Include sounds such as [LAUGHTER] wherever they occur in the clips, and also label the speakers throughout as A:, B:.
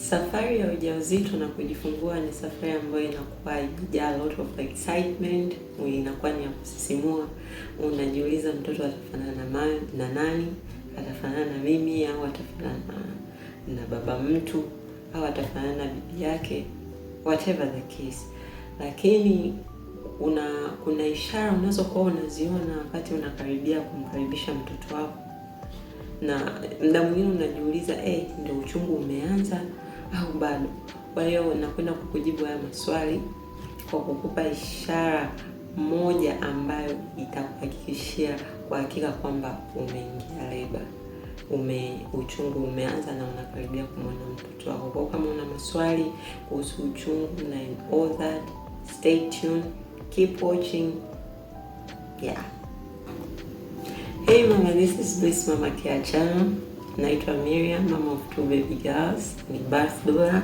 A: Safari ya ujauzito na kujifungua ni safari ambayo inakuwa imejaa lot of excitement, inakuwa ni ya kusisimua. Unajiuliza mtoto atafanana na nani, atafanana na mimi au atafanana na, baba mtu au atafanana na bibi yake, whatever the case. Lakini una kuna ishara unazokuwa unaziona wakati unakaribia kumkaribisha mtoto wako, na mda mwingine unajiuliza hey, eh, ndio uchungu umeanza au bado. Kwa hiyo nakwenda kukujibu haya maswali kwa kukupa ishara moja ambayo itakuhakikishia kwa hakika kwamba umeingia leba, ume uchungu umeanza na unakaribia kumwona mtoto wako. Kwa kama una maswali kuhusu uchungu na in all that, stay tuned, keep watching. Yeah. Hey mama, this is Bliss Mama Care channel. Naitwa Miriam, mama of two baby girls, ni birth doula,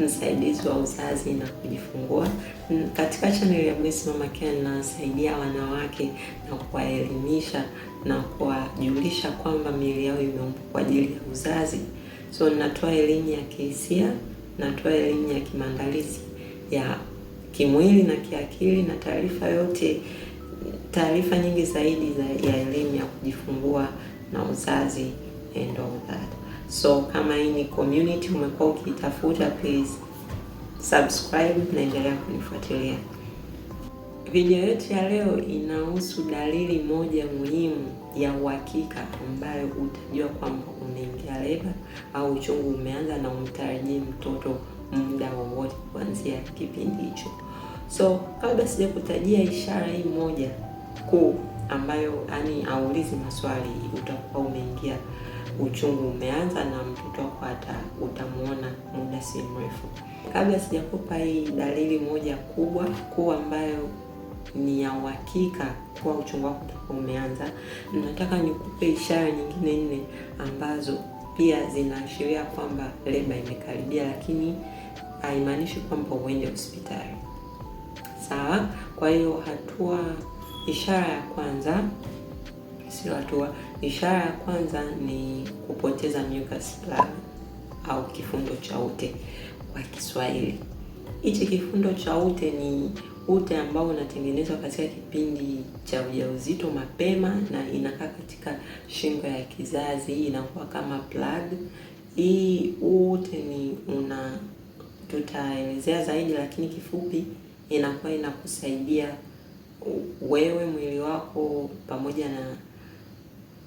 A: msaidizi wa uzazi na kujifungua. Mm, katika channel ya Bliss Mama Care nasaidia wanawake na kuwaelimisha na kuwajulisha kwamba miili yao imeumbwa kwa ajili ya uzazi. So natoa elimu ya kihisia, natoa elimu ya kimaandalizi ya kimwili na kiakili, na taarifa yote, taarifa nyingi zaidi za ya elimu ya kujifungua na uzazi and all that. So kama hii ni community umekuwa ukitafuta, please subscribe, naendelea kunifuatilia. Video yetu ya leo inahusu dalili moja muhimu ya uhakika ambayo utajua kwamba umeingia leba au uchungu umeanza, na umtarajie mtoto muda wowote kuanzia kipindi hicho. So kabla kutajia ishara hii moja kuu ambayo yani aulizi maswali, utakuwa umeingia uchungu umeanza na mtoto wako hata utamwona muda si mrefu. Kabla sijakupa hii dalili moja kubwa kuu ambayo ni ya uhakika kuwa uchungu wako utakuwa umeanza, nataka nikupe ishara nyingine nne ambazo pia zinaashiria kwamba leba imekaribia, lakini haimaanishi kwamba uende hospitali. Sawa? Kwa hiyo hatua, ishara ya kwanza, sio hatua Ishara ya kwanza ni kupoteza mucus plug au kifundo cha ute kwa Kiswahili. Hichi kifundo cha ute ni ute ambao unatengenezwa katika kipindi cha ujauzito mapema, na inakaa katika shingo ya kizazi, inakuwa kama plug. Hii huu ute ni una tutaelezea zaidi, lakini kifupi, inakuwa inakusaidia wewe mwili wako pamoja na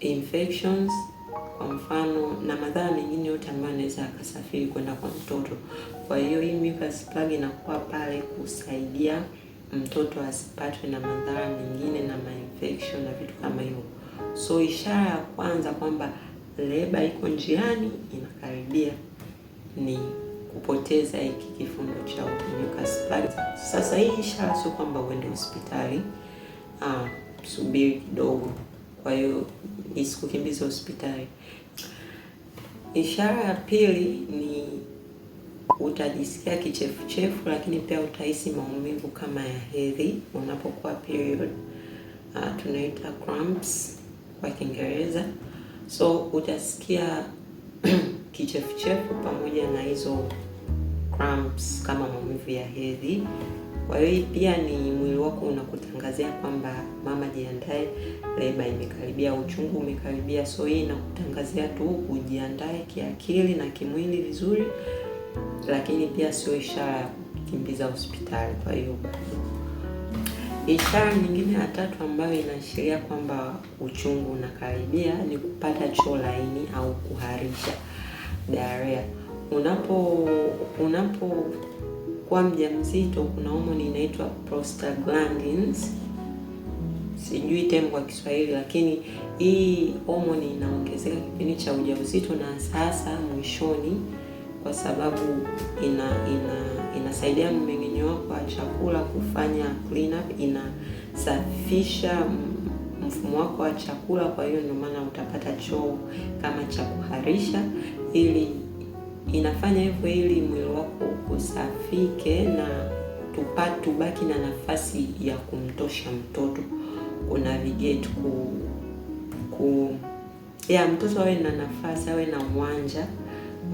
A: infections kwa mfano na madhara mengine yote ambayo anaweza akasafiri kwenda kwa mtoto. Kwa hiyo hii mucus plug inakuwa pale kusaidia mtoto asipatwe na madhara mengine na mainfection na vitu kama hivyo. So ishara ya kwanza kwamba leba iko njiani inakaribia ni kupoteza hiki kifundo cha mucus plug. Sasa hii ishara sio kwamba uende hospitali, ah, subiri kidogo kwa hiyo isikukimbiza hospitali. Ishara ya pili ni utajisikia kichefuchefu, lakini pia utahisi maumivu kama ya hedhi unapokuwa period, uh, tunaita cramps kwa Kiingereza. So utasikia [CLEARS THROAT] kichefuchefu pamoja na hizo cramps kama maumivu ya hedhi. Kwa hiyo hii pia ni mwili wako unakutangazia kwamba mama, jiandae, leba imekaribia, uchungu umekaribia. So hii inakutangazia tu ujiandae kiakili na kimwili vizuri, lakini pia sio ishara ya kukimbiza hospitali. Kwa hiyo ishara nyingine ya tatu ambayo inaashiria kwamba uchungu unakaribia ni kupata choo laini au kuharisha, diarrhea. Unapo unapo unapokuwa mjamzito kuna homoni inaitwa prostaglandins, sijui temu kwa Kiswahili, lakini hii homoni inaongezeka kipindi cha ujauzito na sasa mwishoni, kwa sababu ina ina inasaidia mmeng'enyo wako wa chakula kufanya clean up, inasafisha mfumo wako wa chakula. Kwa hiyo ndio maana utapata choo kama cha kuharisha ili Inafanya hivyo ili mwili wako kusafike na tubaki na nafasi ya kumtosha mtoto navigate ku, ku ya mtoto awe na nafasi awe na mwanja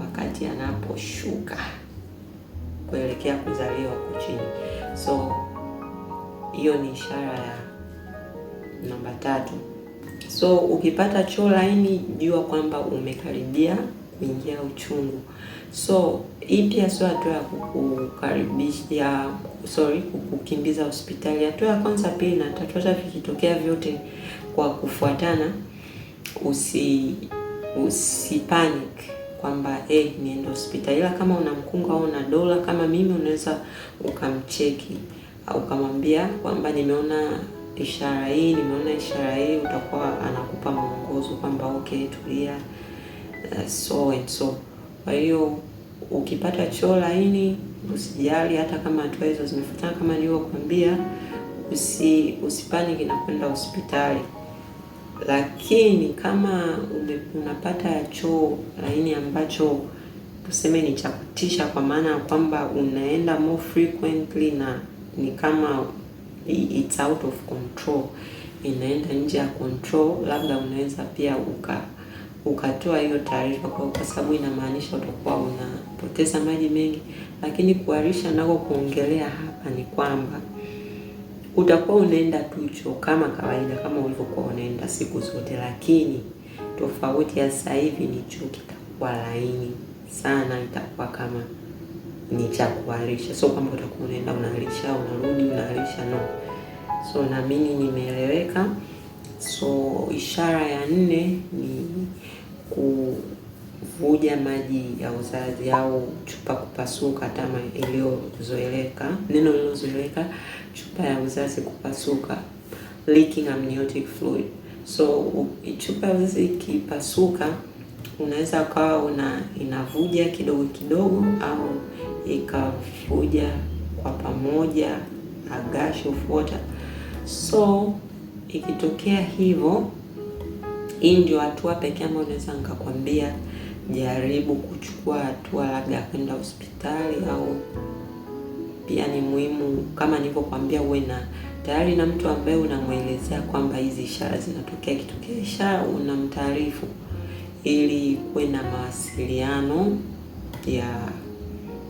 A: wakati anaposhuka kuelekea kuzaliwa kuchini. So hiyo ni ishara ya namba tatu. So ukipata choo laini, jua kwamba umekaribia kuingia uchungu. So hii pia sio hatua ya kukaribisha, sorry, kukukimbiza hospitali. Hatua ya kwanza, pili na tatu, hata vikitokea vyote kwa kufuatana, usi usipanic kwamba eh, niende hospitali, ila kama una mkunga au una dola kama mimi, unaweza ukamcheki au ukamwambia kwamba nimeona ishara hii, nimeona ishara hii, utakuwa anakupa mwongozo kwamba okay, tulia Uh, so and so. Kwa hiyo ukipata choo laini usijali, hata kama hatua hizo zimefuatana kama nilivyokuambia, usi usipaniki na kwenda hospitali. Lakini kama ume, unapata choo laini ambacho tuseme ni cha kutisha, kwa maana ya kwamba unaenda more frequently na ni kama it's out of control, inaenda nje ya control, labda unaweza pia uka ukatoa hiyo taarifa, kwa sababu inamaanisha utakuwa unapoteza maji mengi. Lakini kuharisha nako kuongelea hapa ni kwamba utakuwa unaenda tu choo kama kawaida, kama ulivyokuwa unaenda siku zote, lakini tofauti ya sasa hivi ni choo kitakuwa laini sana, itakuwa kama ni cha kuharisha, sio kwamba utakuwa unaenda unaharisha unarudi unaharisha, no. So naamini nimeeleweka. So ishara ya nne ni kuvuja maji ya uzazi au chupa kupasuka, kama iliyozoeleka, neno lilozoeleka, chupa ya uzazi kupasuka, leaking amniotic fluid. So chupa ya uzazi ikipasuka, unaweza ukawa una inavuja kidogo kidogo au ikavuja kwa pamoja, a gush of water. So ikitokea hivyo hii ndio hatua pekee ambayo naweza nikakwambia jaribu kuchukua hatua, labda kwenda hospitali au pia ni muhimu kama nilivyokuambia, uwe na tayari na mtu ambaye unamwelezea kwamba hizi ishara zinatokea, kitokea ishara unamtaarifu, ili kuwe na mawasiliano ya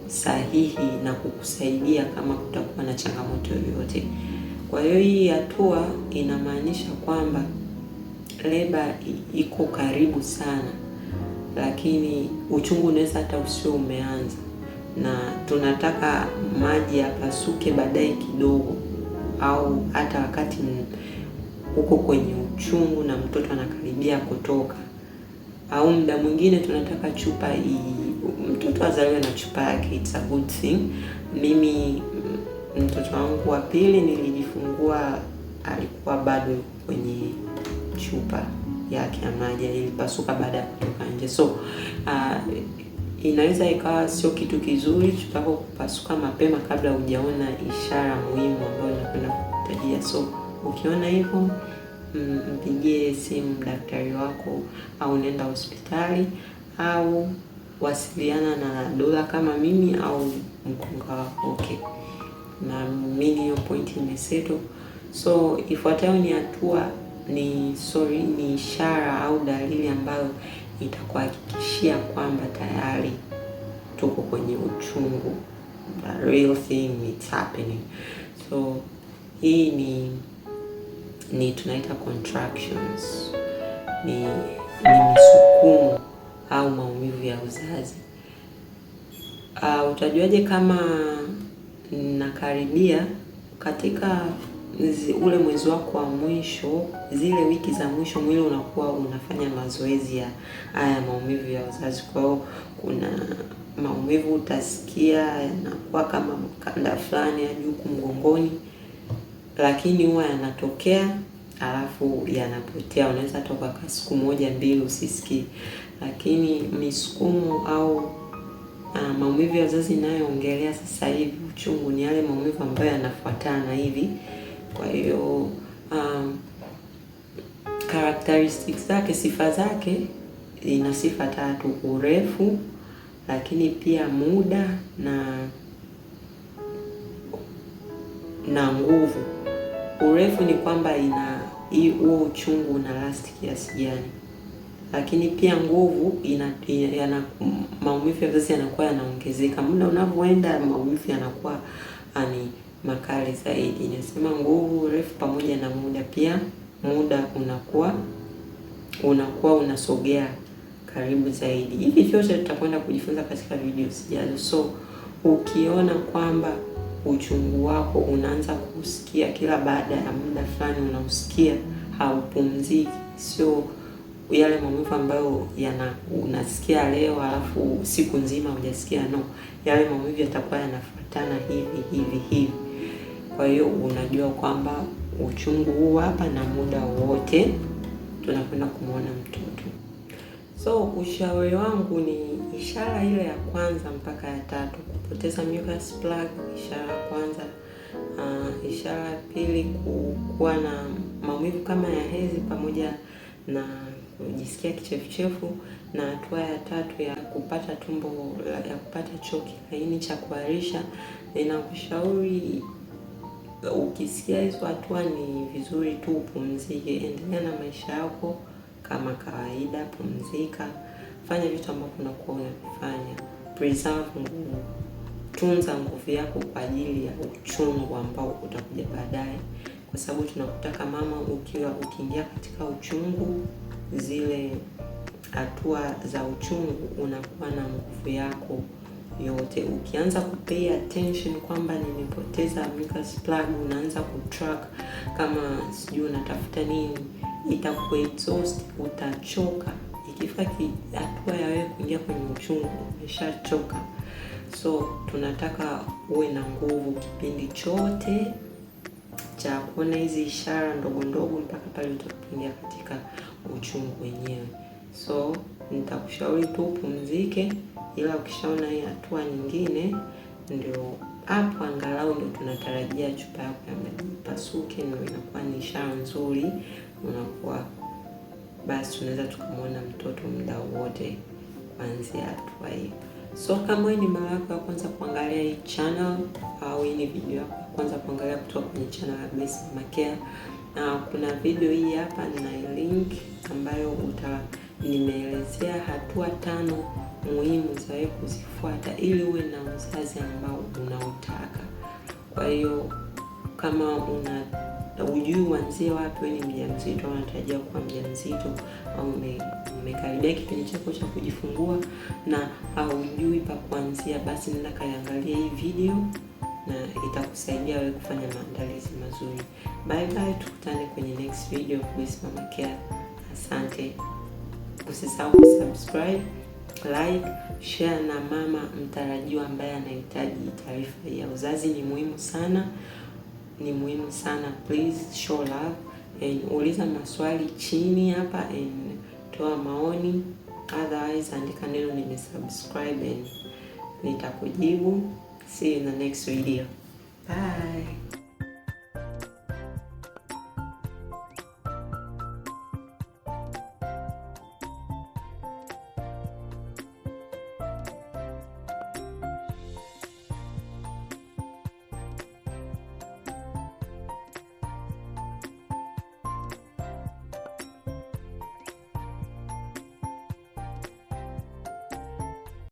A: sahihi na kukusaidia kama kutakuwa na changamoto yoyote. Kwa hiyo hii hatua inamaanisha kwamba leba iko karibu sana, lakini uchungu unaweza hata usio umeanza, na tunataka maji yapasuke baadaye kidogo, au hata wakati uko kwenye uchungu na mtoto anakaribia kutoka, au muda mwingine tunataka chupa i, mtoto azaliwe na chupa yake, it's a good thing. Mimi mtoto wangu wa pili nilijifungua alikuwa bado kwenye chupa yake ya maji ilipasuka baada ya kutoka nje. So uh, inaweza ikawa sio kitu kizuri chupa yako kupasuka mapema kabla hujaona ishara muhimu ambayo inakwenda kutajia So ukiona hivyo, mm, mpigie simu daktari wako au nenda hospitali au wasiliana na Dola kama mimi au mkunga wako. Okay, naamini hiyo pointi imesetwa. So ifuatayo ni hatua ni sorry, ni ishara au dalili ambayo itakuhakikishia kwamba tayari tuko kwenye uchungu. The real thing is happening. So hii ni ni tunaita contractions, ni ni misukumo au maumivu ya uzazi. Uh, utajuaje kama nakaribia katika ule mwezi wako wa mwisho, zile wiki za mwisho, mwili unakuwa unafanya mazoezi ya haya maumivu ya uzazi. Kwa hiyo kuna maumivu utasikia yanakuwa kama mkanda fulani ya juu mgongoni, lakini huwa yanatokea alafu yanapotea. Unaweza toka kwa siku moja mbili usisikii, lakini misukumo au Uh, maumivu ya uzazi inayoongelea sasa hivi uchungu ni yale maumivu ambayo yanafuatana hivi kwa hiyo um, characteristics zake, sifa zake, ina sifa tatu: urefu, lakini pia muda na na nguvu. Urefu ni kwamba ina huo uchungu una lasti kiasi gani, lakini pia nguvu ina, ina maumivu ya vizazi yanakuwa yanaongezeka, muda unavyoenda maumivu yanakuwa ani makali zaidi. Inasema nguvu, urefu pamoja na muda. Pia muda unakuwa unakuwa unasogea karibu zaidi. Hivi vyote tutakwenda kujifunza katika video zijazo. So ukiona kwamba uchungu wako unaanza kusikia kila baada ya muda fulani, unausikia haupumziki, sio yale maumivu ambayo yana unasikia leo alafu siku nzima hujasikia. No, yale maumivu yatakuwa yanafuatana hivi hivi hivi. Kwa hiyo unajua kwamba uchungu huu hapa na muda wote tunakwenda kumwona mtoto. So ushauri wangu ni ishara ile ya kwanza mpaka ya tatu, kupoteza mucus plug, ishara ya kwanza. Uh, ishara ya pili kuwa na maumivu kama ya hezi pamoja na kujisikia kichefuchefu, na hatua ya tatu ya kupata tumbo ya kupata choo kilaini cha kuharisha. Ninakushauri ukisikia hizo hatua ni vizuri tu upumzike, endelea na maisha yako kama kawaida. Pumzika, fanya vitu ambavyo unakuwa unavifanya, preserve nguvu, tunza nguvu yako kwa ajili ya uchungu ambao utakuja baadaye, kwa sababu tunakutaka mama, ukiwa ukiingia katika uchungu, zile hatua za uchungu, unakuwa na nguvu yako yote. Ukianza kupay attention kwamba nimepoteza mucus plug, unaanza kutrack kama sijui unatafuta nini, itakuexhaust, utachoka. Ikifika hatua ya wewe kuingia kwenye uchungu, umeshachoka. So tunataka uwe na nguvu kipindi chote cha kuona hizi ishara ndogo ndogo mpaka pale utakuingia katika uchungu wenyewe. So nitakushauri tu upumzike ila ukishaona hii hatua nyingine, ndio hapo angalau ndio tunatarajia chupa yako ya maji ipasuke, ndio inakuwa ni ishara nzuri, unakuwa basi tunaweza tukamwona mtoto muda wote kuanzia hatua hiyo. So kama hii ni mara yako ya kwanza kuangalia hii channel au hii ni video yako ya kwanza kuangalia kutoka kwenye channel ya Bliss Mama Care, na kuna video hii hapa na link ambayo utaa nimeelezea hatua tano muhimu za wewe kuzifuata ili uwe na uzazi ambao unautaka. Kwa hiyo kama una ujui uanzie wapi, wewe ni mjamzito unatarajia kuwa mjamzito au umekaribia kipindi chako cha kujifungua na haujui pa kuanzia, basi nenda kaiangalia hii video na itakusaidia wewe kufanya maandalizi mazuri. Bye bye, tukutane kwenye next video. Mama Care, asante. Usisahau subscribe, like, share na mama mtarajiwa ambaye anahitaji taarifa ya uzazi. Ni muhimu sana, ni muhimu sana. Please show love and uliza maswali chini hapa and toa maoni, otherwise andika neno nimesubscribe and nitakujibu. See you in the next video. Bye.